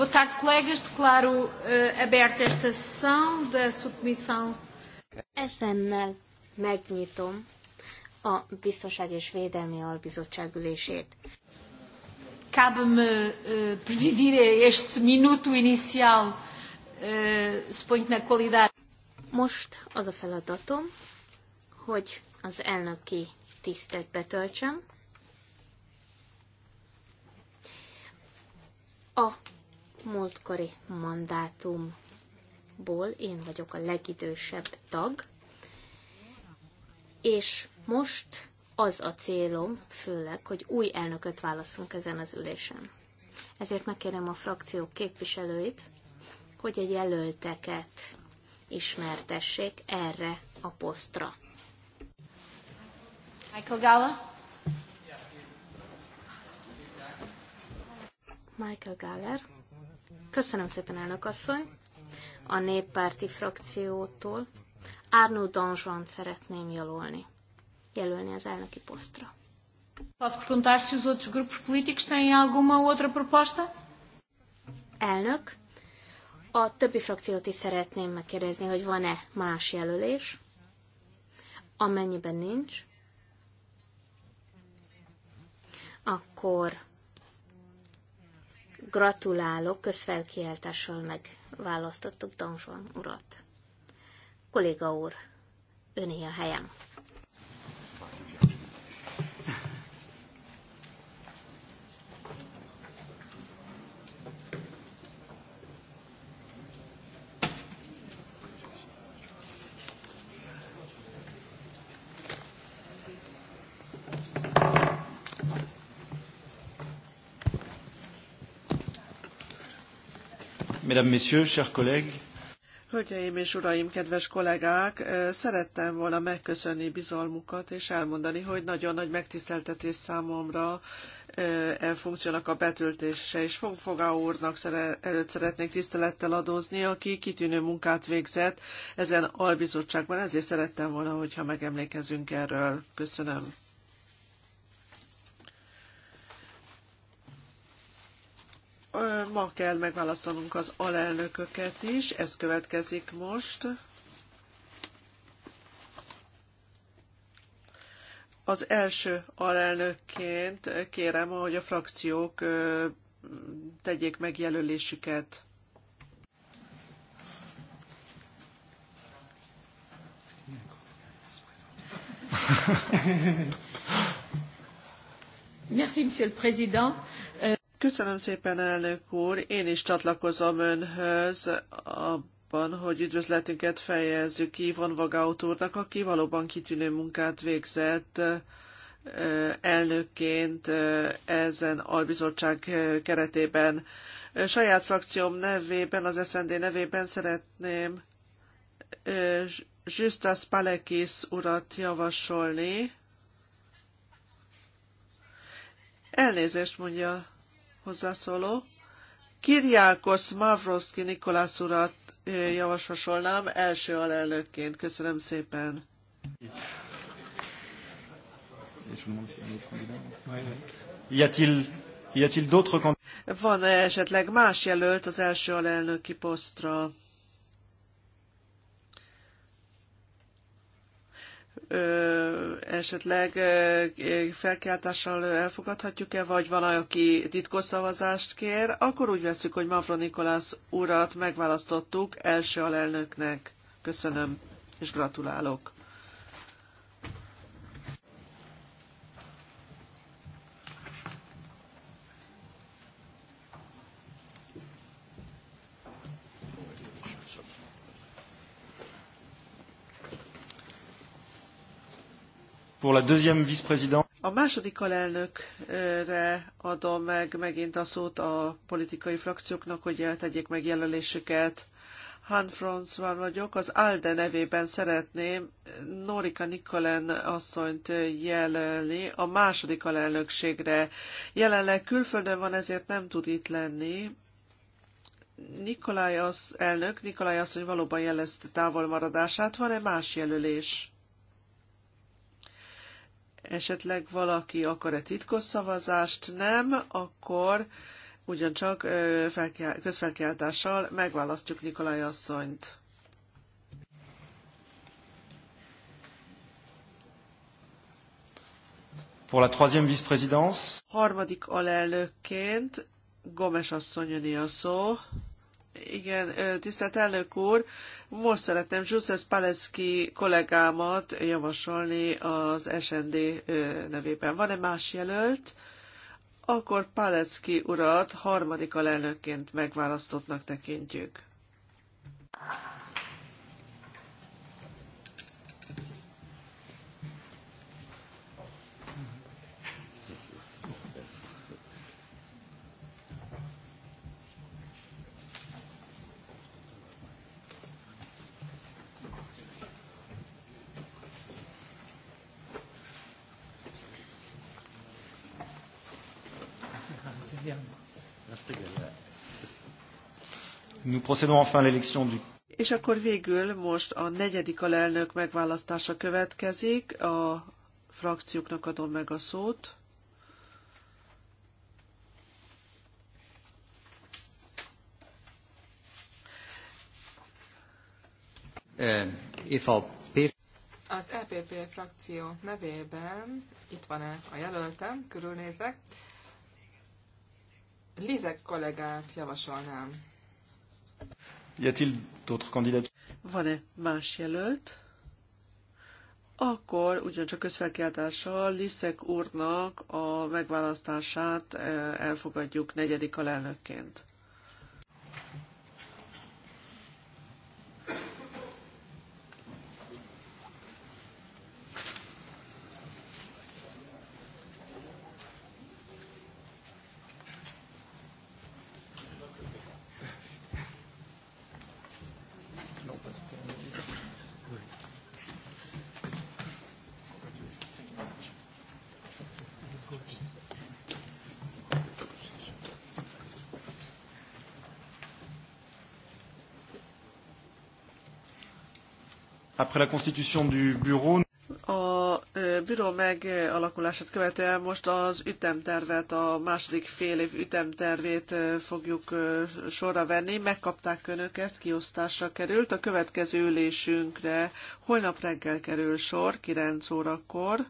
Boa tarde, colegas. Declaro uh, aberta esta sessão da submissão. Ezennel megnyitom a Biztonság és Védelmi Albizottság ülését. Cabe-me uh, presidir este minuto inicial, uh, suponho que na qualidade. Most az a feladatom, hogy az elnöki tisztet betöltsem, múltkori mandátumból én vagyok a legidősebb tag, és most az a célom, főleg, hogy új elnököt válaszunk ezen az ülésen. Ezért megkérem a frakciók képviselőit, hogy a jelölteket ismertessék erre a posztra. Michael Gala? Michael Galler. Köszönöm szépen, elnök asszony. A néppárti frakciótól Árnó Danzsant szeretném jelölni, jelölni az elnöki posztra. Posso perguntar se os outros grupos políticos têm alguma outra proposta? Elnök, a többi frakciót is szeretném megkérdezni, hogy van-e más jelölés. Amennyiben nincs, akkor Gratulálok, közfelkiáltással megválasztottuk Danzson urat. Kolléga úr, öné a helyem. mesdames, messieurs, chers collègues. Hölgyeim és uraim, kedves kollégák, szerettem volna megköszönni bizalmukat, és elmondani, hogy nagyon nagy megtiszteltetés számomra e funkciónak a betöltése, és Fogá úrnak előtt szeretnék tisztelettel adózni, aki kitűnő munkát végzett ezen albizottságban, ezért szerettem volna, hogyha megemlékezünk erről. Köszönöm. ma kell megválasztanunk az alelnököket is, ez következik most. Az első alelnökként kérem, hogy a frakciók tegyék meg jelölésüket. Merci, Monsieur le Président. Köszönöm szépen, elnök úr. Én is csatlakozom önhöz abban, hogy üdvözletünket fejezzük ki Ivan Vagaut úrnak, aki valóban kitűnő munkát végzett elnökként ezen albizottság keretében. Saját frakcióm nevében, az SND nevében szeretném Justas Palekis urat javasolni. Elnézést mondja hozzászóló. Kiriákos Mavroszki Nikolász urat eh, javasolnám első alelnökként. Köszönöm szépen. Van -e esetleg más jelölt az első alelnöki posztra? Ö, esetleg felkiáltással elfogadhatjuk-e, vagy van, aki titkos szavazást kér, akkor úgy veszük, hogy Mavro Nikolász urat megválasztottuk első alelnöknek. Köszönöm, és gratulálok. Pour la deuxième vice-présidente. A második alelnökre adom meg megint a szót a politikai frakcióknak, hogy tegyék meg jelölésüket. Han van vagyok, az ALDE nevében szeretném Norika Nikolen asszonyt jelölni a második alelnökségre. Jelenleg külföldön van, ezért nem tud itt lenni. Nikolaj az elnök, Nikolaj asszony valóban jelezte távolmaradását, van-e más jelölés? Esetleg valaki akar-e titkos szavazást? Nem, akkor ugyancsak közfelkiáltással megválasztjuk Nikolaj asszonyt. Pour la troisième vice-présidence. Harmadik alelnökként Gomes asszony a szó. Igen, tisztelt elnök úr, most szeretném Zsuszesz Paleszki kollégámat javasolni az SND nevében. Van-e más jelölt? Akkor Paleszki urat harmadik alelnökként megválasztottnak tekintjük. és akkor végül most a negyedik alelnök megválasztása következik. A frakcióknak adom meg a szót. Eh, Az EPP frakció nevében itt van-e a jelöltem, körülnézek. Lizek kollégát javasolnám. Van-e más jelölt? Akkor ugyancsak közfelkiáltással Liszek úrnak a megválasztását eh, elfogadjuk negyedik alelnökként. après la constitution du bureau. A büro megalakulását követően most az ütemtervet, a második fél év ütemtervét fogjuk sorra venni. Megkapták önök, ezt, kiosztásra került. A következő ülésünkre holnap reggel kerül sor, 9 órakor.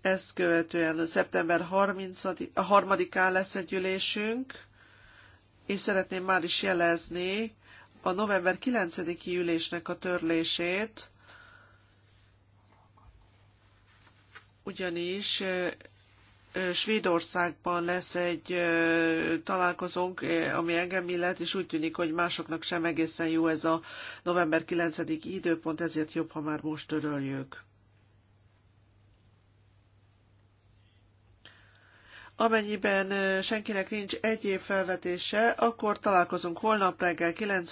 Ezt követően szeptember 30-án lesz egy ülésünk, és szeretném már is jelezni, a november 9-i ülésnek a törlését, ugyanis Svédországban lesz egy találkozónk, ami engem illet, és úgy tűnik, hogy másoknak sem egészen jó ez a november 9 időpont, ezért jobb, ha már most töröljük. Amennyiben senkinek nincs egyéb felvetése, akkor találkozunk holnap reggel 9